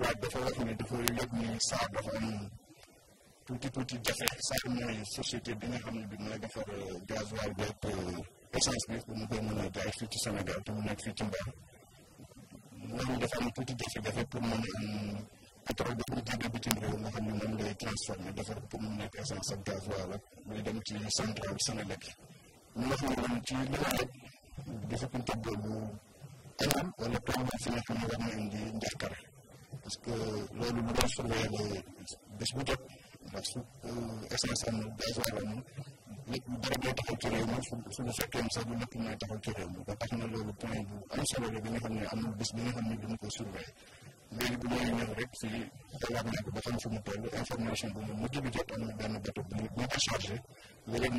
waaj dafa wax ne dafa yëg ni saar dafa am tuuti tuuti jafe saar mooy société bi nga xam ne bi mooy defar euh, gasoil bi ak euh, essence bi pour mu koy mën a jaay fii ci Sénégal te mu nekk ci Mbar loolu dafa am tuuti jafe-jafe pour mën a am pétrole bi ñu jëndee bitim réew nga xam ne moom lay transformé defar essence ak gasoil ak dem ci centrale Sénélec ñu wax ne ci li nga xam ne difficulté anam wala tendance yi nga xam ne war na indi njàkkar parce que loolu bu doon surveillé ba bés bu jot ndax su essence amul gasoil amul lépp dara su su sax du lépp mooy taxaw ci réew mi loolu point bu am bi nga xam ne amul bés bi nga xam ne duñu ko surveillé léegi bu ñëwee ñëw rek si xalaat naa ba xam fu mu information bu mu mujj bi jot am na benn bato bu ñu a ñaax loolu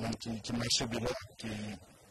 moom ci ci marché bi la ci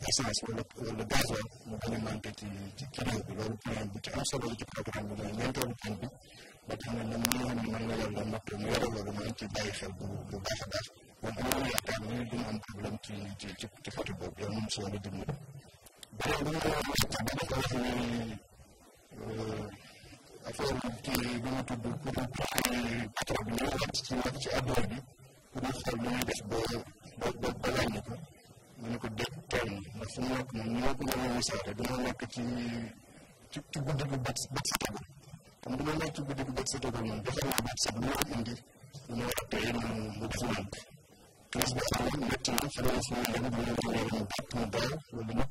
SMS wala wala gasoil mu gën a manqué ci ci ci réew bi loolu point bu ci am solo ci programme bi mooy ñeenteelu point bi ba tax na ñoom ñoo xam ne man la yàlla mu yore loolu mu ci bàyyi xel bu bu baax a baax kon am nañu yaakaar ne duñu am problème ci ci ci ci côté boobu yow moom beneen bi nga xam ne ci ko wax ni affaire bi mu tudd pour ci ci bi pour xool ñuy def ba fu mu nekk moom ñoo ko mën a wasaare dina nekk ci ci ci guddi gu bët bët dina nekk ci ko indi def lënd. crise ko yore mu bett mu baaw loolu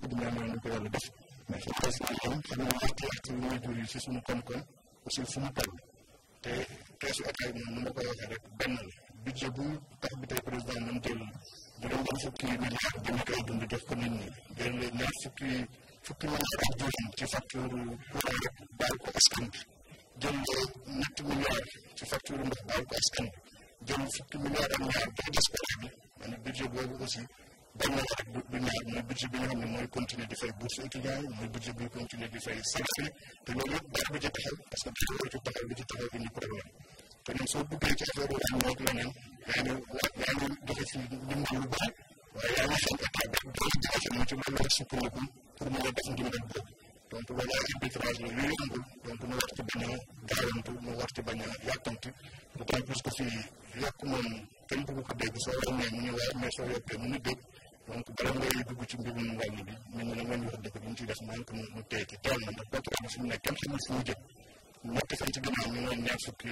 te keesu état bi moom mën ko waxee rek benn la. ceebu tax bi tey président moom jël bu doon jël fukki milliard dina koy dund def ko nit ñi fukki fukki milliard ak ci facture courant rek baal ko askan bi jël ñetti milliard ci facture ndox baal ko askan bi jël fukki milliard ak ñaar jox dispara bi maanaam budget boobu bi nga xam ne mooy continuer di fay bourse étudiant yi mooy budget bi continuer di fay salarié te loolu yëpp daal bi ci parce que dafa war ci bi ci taxaw tamit soo duggee ci affaire bi leneen ak leneen yaa ngi yaa ngi joxe fii ndimbal lu bari waaye yaa ngi seen état bi doole jafe moom ci mën na sukkandiku pour mën a def ndimbal boobu donc loolu ay arbitrage la yu yombul donc mu war ci bañ a gaawantu mu war ci bañ a yàkkamti d'autant plus que fii yokk moom kenn bëgg ko dégg soo wàññee mu ñu waay mais soo yokkee mu ñu dégg donc bala ngay dugg ci mbirum wàññi bi ñu ne la nga ñu wax dëgg ñu ciy def manque mu tey ci teel na ndax contrat bi fi mu ne kenn xamul fu mu jëm ñetti fan ci gannaaw ñu ngi ñaar fukki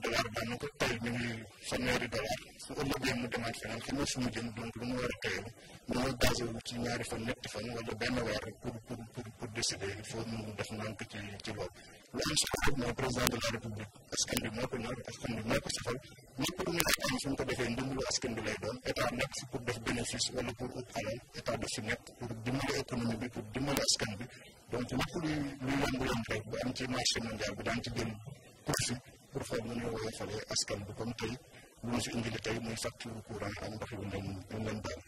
dollar baa na ko tey mi ngi fanweeri dollar su ëllëgee mu demaat feneen xam nga fu mu jëm donc lu mu war a teyelu dañoo basé wu ci ñaari fan ñetti fan wala benn weer pour pour pour pour décider il faut mu def nank ci ci loolu lu am solo mooy président de la république askan bi moo ko ñor askan bi moo ko safal ñëpp lu ñu yaakaar fu mu ko defee ndimbalu askan bi lay doon état nekk pour def bénéfice wala pour ut alal état def fi nekk pour dimbali économie bi pour dimbali askan bi donc lépp luy luy yomb-yomb rek bu am ci marché mondial bi daan ci gën profit pourquoi bu ñu woyofalee askan bu comme tey lu ñu si indil tey muy facture courant ak ndox yu leen yu